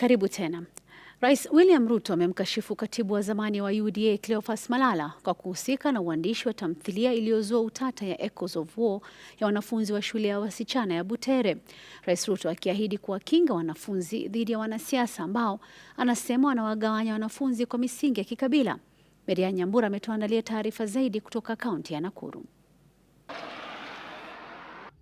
Karibu tena. Rais William Ruto amemkashifu katibu wa zamani wa UDA Cleophas Malala kwa kuhusika na uandishi wa tamthilia iliyozua utata ya Echoes of War ya wanafunzi wa shule ya wasichana ya Butere. Rais Ruto akiahidi kuwakinga wanafunzi dhidi ya wanasiasa ambao anasema wanawagawanya wanafunzi kwa misingi ya kikabila. Maria Nyambura ametuandalia taarifa zaidi kutoka kaunti ya Nakuru.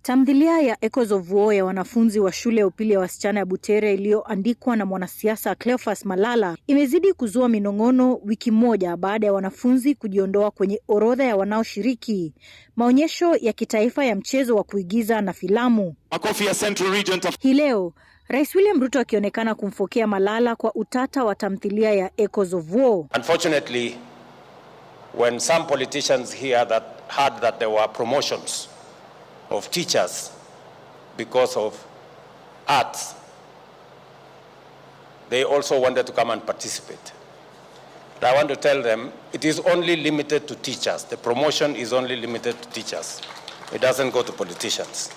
Tamthilia ya Echoes of War ya wanafunzi wa shule ya upili ya wasichana ya Butere iliyoandikwa na mwanasiasa Cleophas Malala imezidi kuzua minong'ono wiki moja baada ya wanafunzi kujiondoa kwenye orodha ya wanaoshiriki maonyesho ya kitaifa ya mchezo wa kuigiza na filamu. Makofi ya Central Region. Hii leo Rais William Ruto akionekana kumfokea Malala kwa utata wa tamthilia ya Echoes of War. Unfortunately, when some politicians here that heard that there were promotions of teachers because of arts. They also wanted to come and participate. But I want to tell them it is only limited to teachers. The promotion is only limited to teachers. It doesn't go to politicians.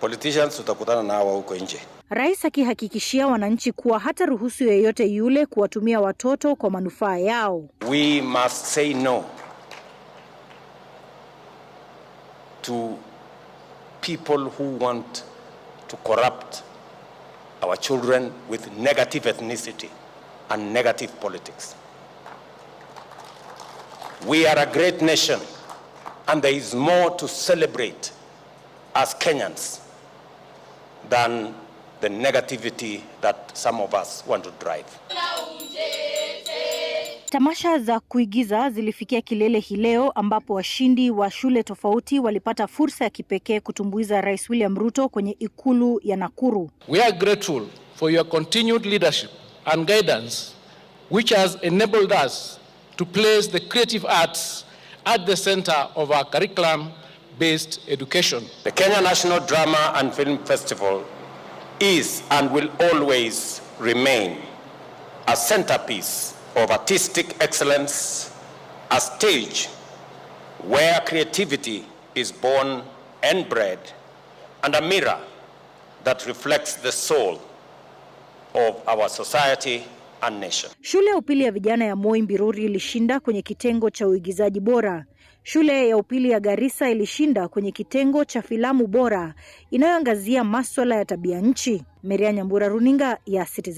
Politicians tutakutana na hawa huko nje. Rais akihakikishia wananchi kuwa hata ruhusu yeyote yule kuwatumia watoto kwa manufaa yao. We must say no. to people who want to corrupt our children with negative ethnicity and negative politics. We are a great nation and there is more to celebrate as Kenyans than the negativity that some of us want to drive. Tamasha za kuigiza zilifikia kilele hii leo ambapo washindi wa shule tofauti walipata fursa ya kipekee kutumbuiza Rais William Ruto kwenye ikulu ya Nakuru. We are grateful for your continued leadership and guidance which has enabled us to place the creative arts at the center of our curriculum based education. The Kenya National Drama and Film Festival is and will always remain a centerpiece of artistic excellence, a stage where creativity is born and bred, and a mirror that reflects the soul of our society and nation. Shule ya upili ya vijana ya Moi Mbiruri ilishinda kwenye kitengo cha uigizaji bora. Shule ya upili ya Garissa ilishinda kwenye kitengo cha filamu bora inayoangazia maswala ya tabia nchi. Meria Nyambura, runinga ya Citizen.